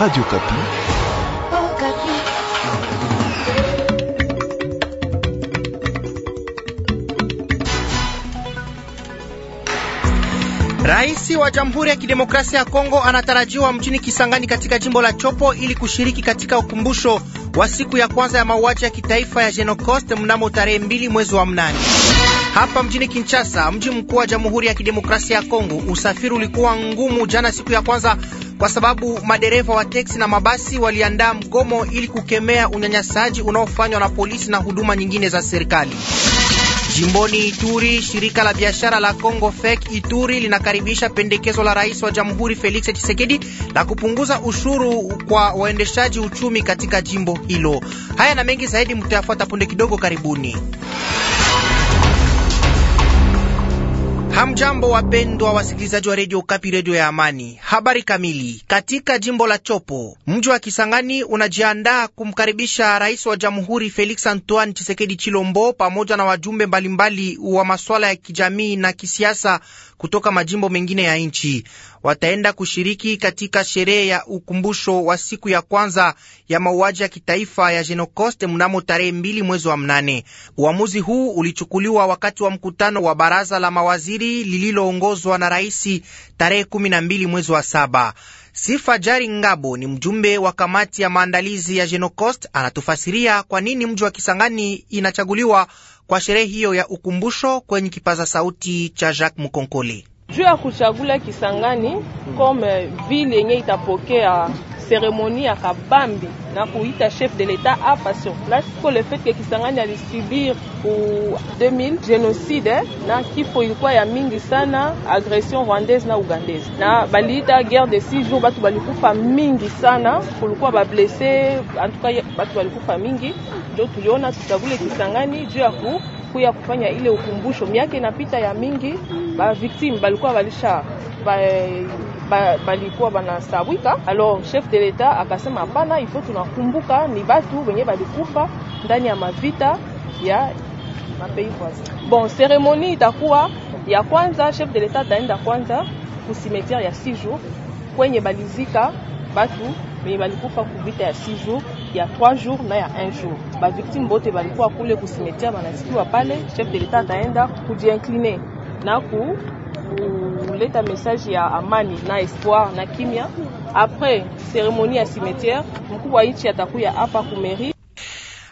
Radio Kapi. Oh, Kapi. Rais wa Jamhuri ya Kidemokrasia ya Kongo anatarajiwa mjini Kisangani katika jimbo la Chopo ili kushiriki katika ukumbusho wa siku ya kwanza ya mauaji ya kitaifa ya Genocost mnamo tarehe mbili mwezi wa mnane. Hapa mjini Kinshasa, mji mkuu wa Jamhuri ya Kidemokrasia ya Kongo, usafiri ulikuwa ngumu jana siku ya kwanza kwa sababu madereva wa teksi na mabasi waliandaa mgomo ili kukemea unyanyasaji unaofanywa na polisi na huduma nyingine za serikali. Jimboni Ituri, shirika la biashara la Congo FEC Ituri linakaribisha pendekezo la rais wa jamhuri Felix Tshisekedi la kupunguza ushuru kwa waendeshaji uchumi katika jimbo hilo. Haya na mengi zaidi mtayafuata punde kidogo. Karibuni. Hamjambo, wapendwa wasikilizaji wa redio Kapi, redio ya Amani. Habari kamili. Katika jimbo la Chopo, mji wa Kisangani unajiandaa kumkaribisha rais wa jamhuri Felix Antoine Chisekedi Chilombo pamoja na wajumbe mbalimbali wa masuala ya kijamii na kisiasa kutoka majimbo mengine ya nchi. Wataenda kushiriki katika sherehe ya ukumbusho wa siku ya kwanza ya mauaji ya kitaifa ya Jenocoste mnamo tarehe mbili mwezi wa mnane. Uamuzi huu ulichukuliwa wakati wa mkutano wa baraza la mawaziri hili lililoongozwa na rais tarehe 12 mwezi wa saba. Sifa Jari Ngabo ni mjumbe wa kamati ya maandalizi ya Genocost, anatufasiria kwa nini mji wa Kisangani inachaguliwa kwa sherehe hiyo ya ukumbusho kwenye kipaza sauti cha Jacques mkonkoli juu ya kuchagula Kisangani kome vile yenye itapokea seremoni ya kabambi na kuita chef de l'etat hapa sur place ko le fait que Kisangani alisubir ku 2000 genocide na kifo ilikuwa ya mingi sana, agression rwandaise na ugandaise, na baliita guerre de six jours. Batu balikufa mingi sana, kulikuwa bablesse antuka, batu balikufa mingi, njo tuliona tutavule Kisangani juu ya ku kuya kufanya ile ukumbusho. Miaka inapita ya mingi, ba victime balikuwa walisha ba, balikuwa ba banasawika. Alors chef de l'etat akasema hapana, ifo tunakumbuka ni batu wenye balikufa ndani ya mavita ya mapei voisin. Bon, seremoni itakuwa ya kwanza, chef de l'etat ataenda kwanza kusimetiere ya six jours kwenye balizika batu wenye balikufa kuvita ya six jours ya 3 jours na ya 1 jour. Ba victime bote balikuwa kule kusimetiere, banasikiwa pale. Chef de l'etat ataenda kujiincline na ku kuleta message ya amani na espoir na kimya. Apres seremoni ya simetiere, mkuu wa nchi atakuya hapa kumeri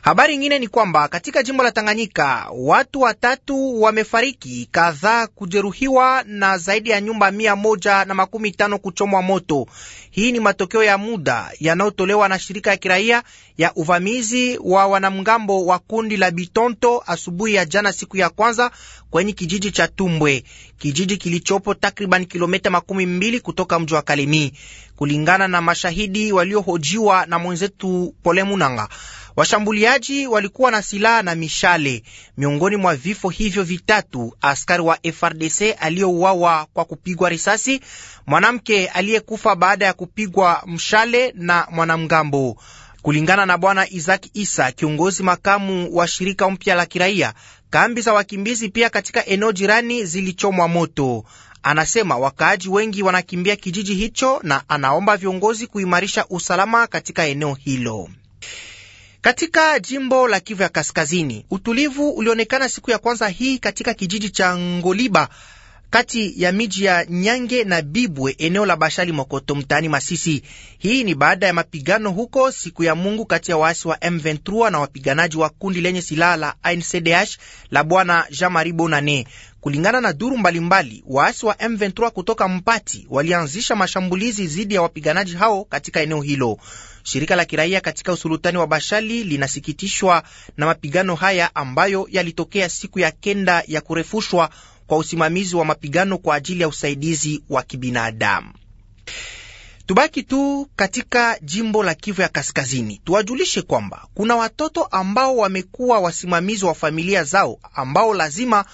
Habari ingine ni kwamba katika jimbo la Tanganyika watu watatu wamefariki, kadhaa kujeruhiwa na zaidi ya nyumba mia moja na makumi tano kuchomwa moto. Hii ni matokeo ya muda yanayotolewa na shirika ya kiraia ya uvamizi wa wanamgambo wa kundi la Bitonto asubuhi ya jana, siku ya kwanza kwenye kijiji cha Tumbwe, kijiji kilichopo takriban kilomita makumi mbili kutoka mji wa Kalemi, kulingana na mashahidi waliohojiwa na mwenzetu Pole Munanga. Washambuliaji walikuwa na silaha na mishale. Miongoni mwa vifo hivyo vitatu, askari wa FRDC aliyouawa kwa kupigwa risasi, mwanamke aliyekufa baada ya kupigwa mshale na mwanamgambo. Kulingana na Bwana Isaac Isa, kiongozi makamu wa shirika mpya la kiraia, kambi za wakimbizi pia katika eneo jirani zilichomwa moto. Anasema wakaaji wengi wanakimbia kijiji hicho na anaomba viongozi kuimarisha usalama katika eneo hilo. Katika jimbo la Kivu ya Kaskazini, utulivu ulionekana siku ya kwanza hii katika kijiji cha Ngoliba kati ya miji ya Nyange na Bibwe eneo la Bashali Mokoto mtaani Masisi. Hii ni baada ya mapigano huko siku ya Mungu kati ya waasi wa M23 na wapiganaji wa kundi lenye silaha la ANCDH la bwana Jean Marie Bonane. Kulingana na duru mbalimbali, waasi wa M23 kutoka Mpati walianzisha mashambulizi dhidi ya wapiganaji hao katika eneo hilo. Shirika la kiraia katika usulutani wa Bashali linasikitishwa na mapigano haya ambayo yalitokea siku ya kenda ya kurefushwa kwa usimamizi wa mapigano kwa ajili ya usaidizi wa kibinadamu. Tubaki tu katika jimbo la Kivu ya Kaskazini, tuwajulishe kwamba kuna watoto ambao wamekuwa wasimamizi wa familia zao ambao lazima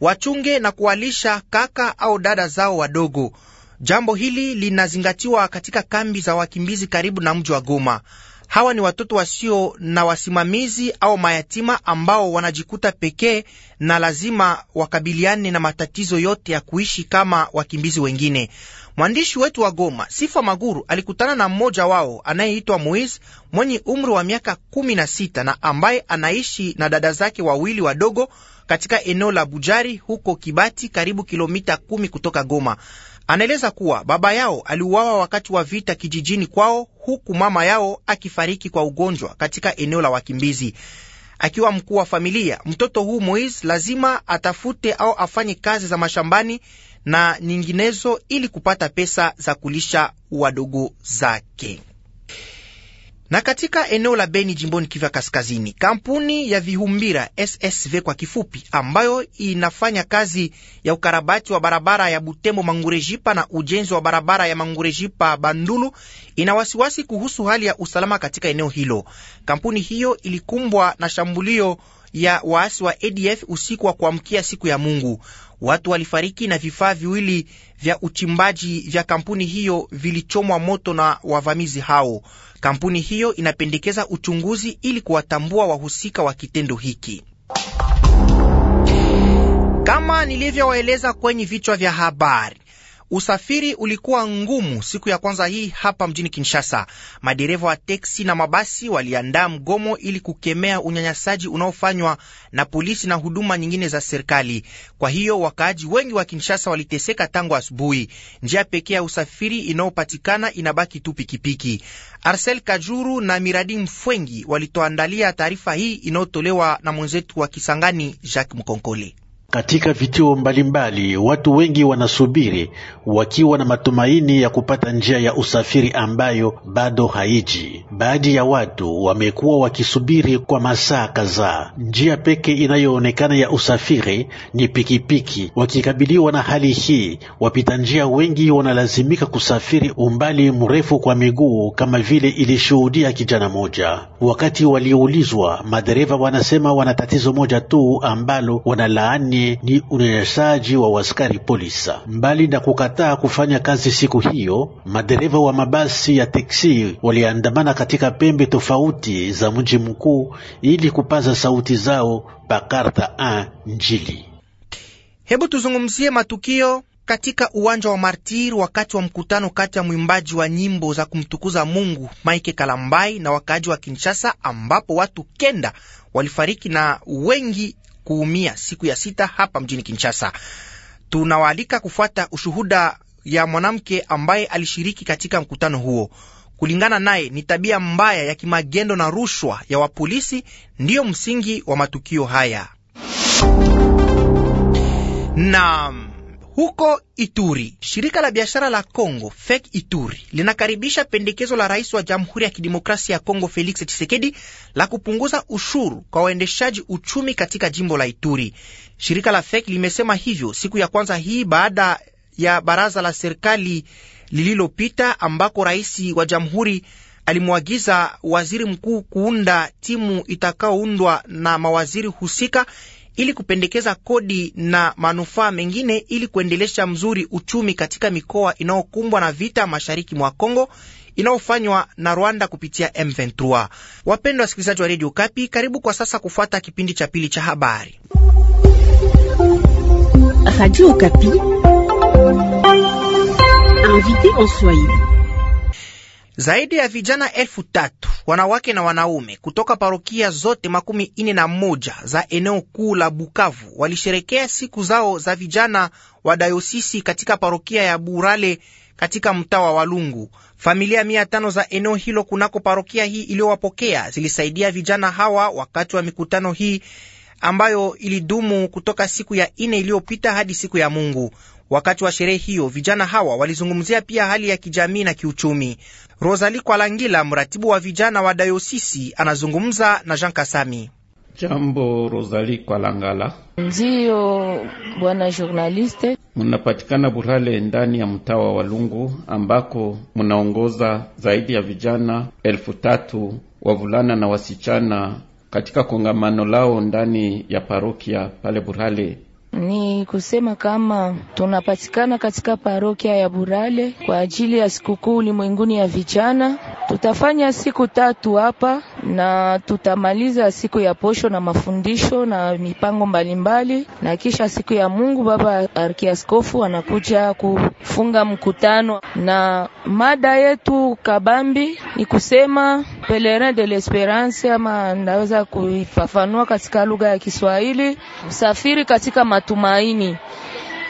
wachunge na kuwalisha kaka au dada zao wadogo. Jambo hili linazingatiwa katika kambi za wakimbizi karibu na mji wa Goma. Hawa ni watoto wasio na wasimamizi au mayatima ambao wanajikuta pekee na lazima wakabiliane na matatizo yote ya kuishi kama wakimbizi wengine. Mwandishi wetu wa Goma, Sifa Maguru, alikutana na mmoja wao anayeitwa Moise mwenye umri wa miaka kumi na sita na ambaye anaishi na dada zake wawili wadogo katika eneo la Bujari huko Kibati, karibu kilomita kumi kutoka Goma. Anaeleza kuwa baba yao aliuawa wakati wa vita kijijini kwao, huku mama yao akifariki kwa ugonjwa katika eneo la wakimbizi. Akiwa mkuu wa familia, mtoto huu Moise lazima atafute au afanye kazi za mashambani na nyinginezo ili kupata pesa za kulisha wadogo zake. Na katika eneo la Beni jimboni Kivu Kaskazini, kampuni ya Vihumbira SSV kwa kifupi, ambayo inafanya kazi ya ukarabati wa barabara ya Butembo Mangurejipa na ujenzi wa barabara ya Mangurejipa Bandulu, ina wasiwasi kuhusu hali ya usalama katika eneo hilo. Kampuni hiyo ilikumbwa na shambulio ya waasi wa ADF usiku wa kuamkia siku ya Mungu. Watu walifariki na vifaa viwili vya uchimbaji vya kampuni hiyo vilichomwa moto na wavamizi hao. Kampuni hiyo inapendekeza uchunguzi ili kuwatambua wahusika wa kitendo hiki. Kama nilivyowaeleza kwenye vichwa vya habari, Usafiri ulikuwa ngumu siku ya kwanza hii hapa mjini Kinshasa. Madereva wa teksi na mabasi waliandaa mgomo ili kukemea unyanyasaji unaofanywa na polisi na huduma nyingine za serikali. Kwa hiyo wakaaji wengi wa Kinshasa waliteseka tangu asubuhi. Njia pekee ya usafiri inayopatikana inabaki tu pikipiki. arsel Kajuru na Miradi Mfwengi walitoandalia taarifa hii inayotolewa na mwenzetu wa Kisangani, Jacques Mkonkole. Katika vituo mbalimbali watu wengi wanasubiri wakiwa na matumaini ya kupata njia ya usafiri ambayo bado haiji. Baadhi ya watu wamekuwa wakisubiri kwa masaa kadhaa. Njia pekee inayoonekana ya usafiri ni pikipiki. Wakikabiliwa na hali hii, wapita njia wengi wanalazimika kusafiri umbali mrefu kwa miguu, kama vile ilishuhudia kijana moja. Wakati waliulizwa, madereva wanasema wana tatizo moja tu ambalo wanalaani yake ni unyanyasaji wa waskari polisa. Mbali na kukataa kufanya kazi siku hiyo, madereva wa mabasi ya teksi waliandamana katika pembe tofauti za mji mkuu ili kupaza sauti zao pakarta 1 Njili. Hebu tuzungumzie matukio katika uwanja wa martir wakati wa mkutano kati ya mwimbaji wa nyimbo za kumtukuza Mungu Mike Kalambai na wakaaji wa Kinshasa, ambapo watu kenda walifariki na wengi kuumia siku ya sita hapa mjini Kinshasa. Tunawaalika kufuata ushuhuda ya mwanamke ambaye alishiriki katika mkutano huo. Kulingana naye, ni tabia mbaya ya kimagendo na rushwa ya wapolisi ndiyo msingi wa matukio haya na huko Ituri, shirika la biashara la congo FEC Ituri linakaribisha pendekezo la rais wa Jamhuri ya Kidemokrasia ya congo Felix Tshisekedi la kupunguza ushuru kwa waendeshaji uchumi katika jimbo la Ituri. Shirika la FEC limesema hivyo siku ya kwanza hii baada ya baraza la serikali lililopita ambako rais wa jamhuri alimwagiza waziri mkuu kuunda timu itakaoundwa na mawaziri husika ili kupendekeza kodi na manufaa mengine ili kuendelesha mzuri uchumi katika mikoa inayokumbwa na vita mashariki mwa Kongo inayofanywa na Rwanda kupitia M23. Wapendwa wasikilizaji wa Radio Kapi, karibu kwa sasa kufuata kipindi cha pili cha habari. Radio Kapi. Invité en Swahili. Zaidi ya vijana elfu tatu wanawake na wanaume kutoka parokia zote makumi ine na moja za eneo kuu la Bukavu walisherekea siku zao za vijana wa dayosisi katika parokia ya Burale katika mtaa wa Walungu. Familia mia tano za eneo hilo kunako parokia hii iliyowapokea zilisaidia vijana hawa wakati wa mikutano hii ambayo ilidumu kutoka siku ya ine iliyopita hadi siku ya Mungu. Wakati wa sherehe hiyo vijana hawa walizungumzia pia hali ya kijamii na kiuchumi. Rosali Kwalangila, mratibu wa vijana wa dayosisi, anazungumza na Jean Kasami. Jambo, Rosali Kwalangala. Ndiyo bwana journaliste, munapatikana Burale ndani ya mtawa wa Lungu ambako munaongoza zaidi ya vijana elfu tatu wavulana na wasichana katika kongamano lao ndani ya parokia pale Burhale ni kusema kama tunapatikana katika parokia ya Burale kwa ajili ya sikukuu ulimwenguni ya vijana. Tutafanya siku tatu hapa na tutamaliza siku ya posho na mafundisho na mipango mbalimbali mbali. Na kisha siku ya Mungu baba arkiaskofu anakuja kufunga mkutano, na mada yetu kabambi ni kusema pelerin de l'esperance, ama ndaweza kuifafanua katika lugha ya Kiswahili, msafiri katika matu matumaini.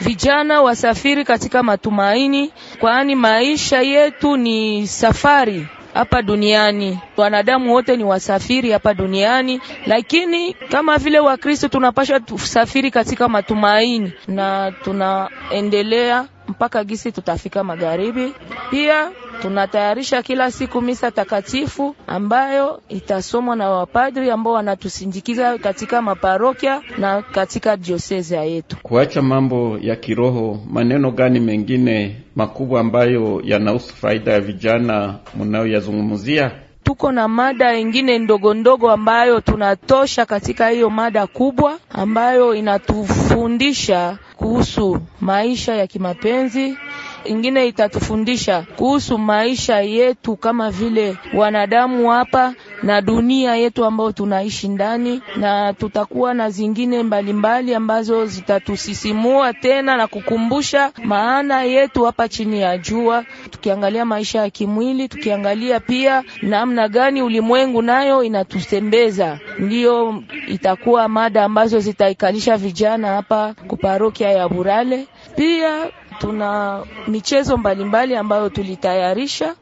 Vijana wasafiri katika matumaini, kwani maisha yetu ni safari hapa duniani. Wanadamu wote ni wasafiri hapa duniani, lakini kama vile Wakristo tunapasha tusafiri katika matumaini, na tunaendelea mpaka gisi tutafika magharibi pia tunatayarisha kila siku misa takatifu ambayo itasomwa na wapadri ambao wanatusindikiza katika maparokia na katika diosezi yetu. Kuacha mambo ya kiroho, maneno gani mengine makubwa ambayo yanahusu faida ya vijana munayoyazungumzia? Tuko na mada ingine ndogo ndogo ambayo tunatosha katika hiyo mada kubwa ambayo inatufundisha kuhusu maisha ya kimapenzi ingine itatufundisha kuhusu maisha yetu kama vile wanadamu hapa na dunia yetu ambayo tunaishi ndani, na tutakuwa na zingine mbalimbali mbali ambazo zitatusisimua tena na kukumbusha maana yetu hapa chini ya jua, tukiangalia maisha ya kimwili, tukiangalia pia namna gani ulimwengu nayo inatutembeza. Ndiyo itakuwa mada ambazo zitaikalisha vijana hapa kuparokia ya Burale pia tuna michezo mbalimbali ambayo tulitayarisha.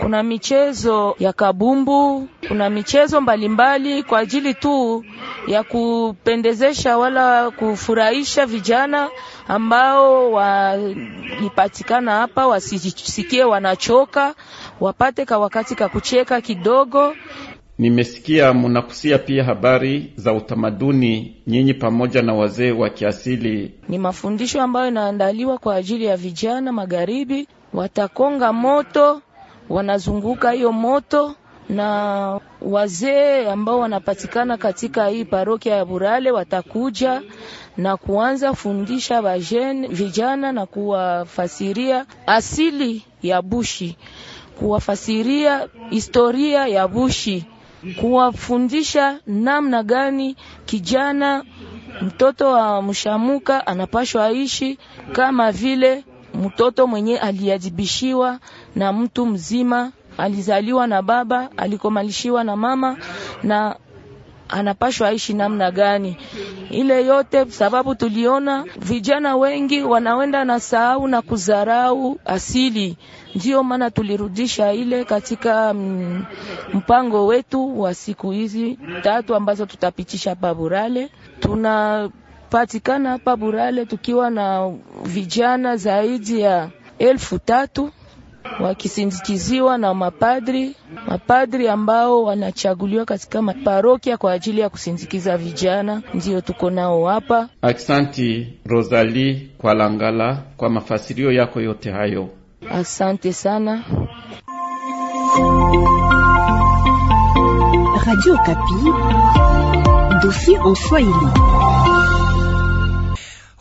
Kuna michezo ya kabumbu, kuna michezo mbalimbali mbali kwa ajili tu ya kupendezesha wala kufurahisha vijana ambao walipatikana hapa, wasisikie wanachoka, wapate ka wakati ka kucheka kidogo Nimesikia munakusia pia habari za utamaduni nyinyi pamoja na wazee wa kiasili. Ni mafundisho ambayo inaandaliwa kwa ajili ya vijana magharibi, watakonga moto, wanazunguka hiyo moto na wazee ambao wanapatikana katika hii parokia ya Burale watakuja na kuanza fundisha bajeni vijana na kuwafasiria asili ya Bushi, kuwafasiria historia ya Bushi kuwafundisha namna gani kijana mtoto wa mshamuka anapashwa aishi kama vile mtoto mwenye aliadhibishiwa na mtu mzima, alizaliwa na baba, alikomalishiwa na mama, na anapashwa aishi namna gani, ile yote sababu tuliona vijana wengi wanawenda na sahau na kuzarau asili. ndio maana tulirudisha ile katika mm, mpango wetu wa siku hizi tatu ambazo tutapitisha paburale tuna patikana hapa Burale tukiwa na vijana zaidi ya elfu tatu wakisindikiziwa na mapadri, mapadri ambao wanachaguliwa katika parokia kwa ajili ya kusindikiza vijana, ndiyo tuko nao hapa. Aksanti rosali kwa Langala kwa mafasirio yako yote hayo, asante sana. Radio Kapi, en Swahili.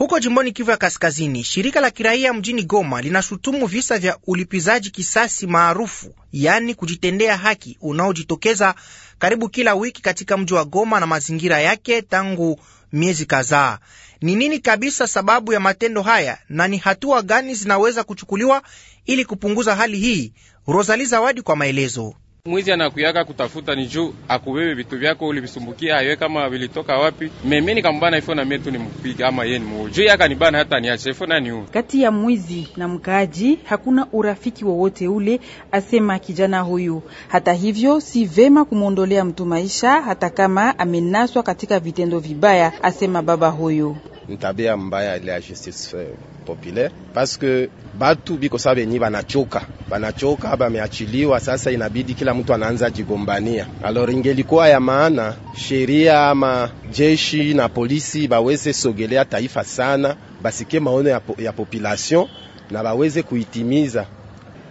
Huko jimboni Kivu ya Kaskazini, shirika la kiraia mjini Goma linashutumu visa vya ulipizaji kisasi maarufu, yaani kujitendea haki, unaojitokeza karibu kila wiki katika mji wa Goma na mazingira yake tangu miezi kadhaa. Ni nini kabisa sababu ya matendo haya na ni hatua gani zinaweza kuchukuliwa ili kupunguza hali hii? Rosali Zawadi kwa maelezo mwizi anakuyaka kutafuta ni juu akubebe vitu vyako ulivisumbukia ayo kama vilitoka wapi. Mimi nikambana ifo na mimi ni mpiga ama yeye ni juu yaka ni bana hata niache ifo nani huyo. Kati ya mwizi na mkaaji hakuna urafiki wowote ule, asema kijana huyu. Hata hivyo, si vema kumwondolea mtu maisha hata kama amenaswa katika vitendo vibaya, asema baba huyu. Ntabia mbaya ile ya justice eh, populaire batu biko sabe ni banachoka banachoka, bameachiliwa. Sasa inabidi kila mtu anaanza jigombania. Alors ingelikuwa ya maana sheria ama jeshi na polisi baweze sogelea taifa sana, basikie maono ya, po, ya population na baweze kuitimiza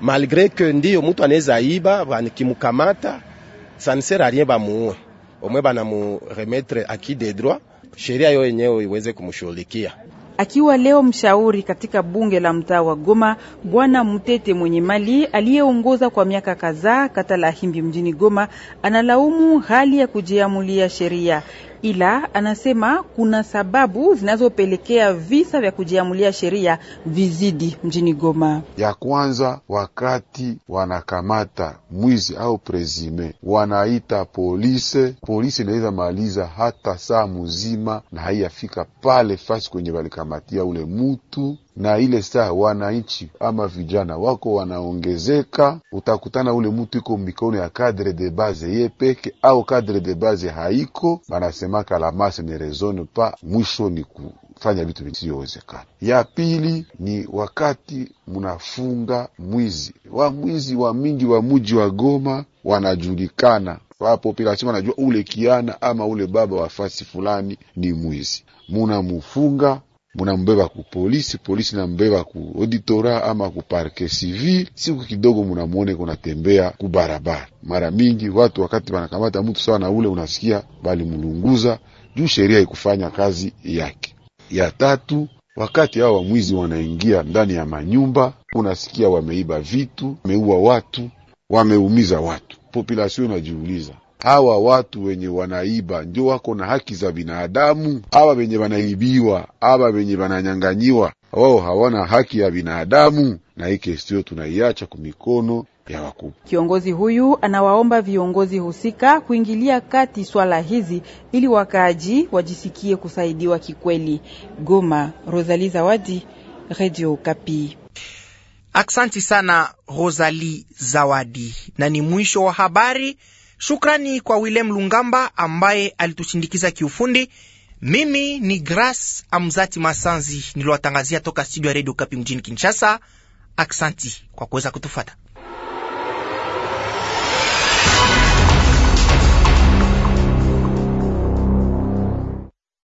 malgre que ndio mtu anaweza iba, banikimkamata sansera rien, bamuue omwe, banamuremetre aki de droit, sheria yo yenyewe iweze kumshughulikia akiwa leo mshauri katika bunge la mtaa wa Goma. Bwana Mtete mwenye mali aliyeongoza kwa miaka kadhaa kata la Himbi mjini Goma analaumu hali ya kujiamulia sheria ila anasema kuna sababu zinazopelekea visa vya kujiamulia sheria vizidi mjini Goma. Ya kwanza, wakati wanakamata mwizi au prezime, wanaita polise, polisi inaweza maliza hata saa mzima na haiyafika pale fasi kwenye walikamatia ule mutu na ile saa wananchi ama vijana wako wanaongezeka, utakutana ule mtu iko mikono ya cadre de base ye peke au cadre de base haiko, banasemaka la masse ne raisonne pas, mwisho ni ku fanya vitu visiyowezekana. Ya pili ni wakati mnafunga mwizi wa mwizi wa mingi wa muji wa Goma wanajulikana population, wanajua ule kiana ama ule baba wa fasi fulani ni mwizi, munamufunga munambeba ku polisi, polisi nambeba ku auditora ama ku parke civil. Siku kidogo munamuone kunatembea ku barabara. Mara mingi watu wakati wanakamata mtu sawa na ule, unasikia bali mulunguza juu sheria ikufanya kazi yake. Ya tatu wakati hao wamwizi wanaingia ndani ya manyumba, unasikia wameiba vitu, wameua watu, wameumiza watu. populasion inajiuliza hawa watu wenye wanaiba ndio wako na haki za binadamu? Hawa wenye wanaibiwa, hawa wenye wananyanganyiwa, wao hawana haki ya binadamu? Na hii kestio tunaiacha kumikono ya wakubwa. Kiongozi huyu anawaomba viongozi husika kuingilia kati swala hizi ili wakaaji wajisikie kusaidiwa kikweli. Goma, Rosalie Zawadi, Radio Kapi. Aksanti sana rosali Zawadi, na ni mwisho wa habari. Shukrani kwa Willem Lungamba ambaye alitushindikiza kiufundi. Mimi ni Grace Amzati Masanzi niliwatangazia toka studio ya Radio Kapi mjini Kinshasa. Aksanti kwa kuweza kutufata.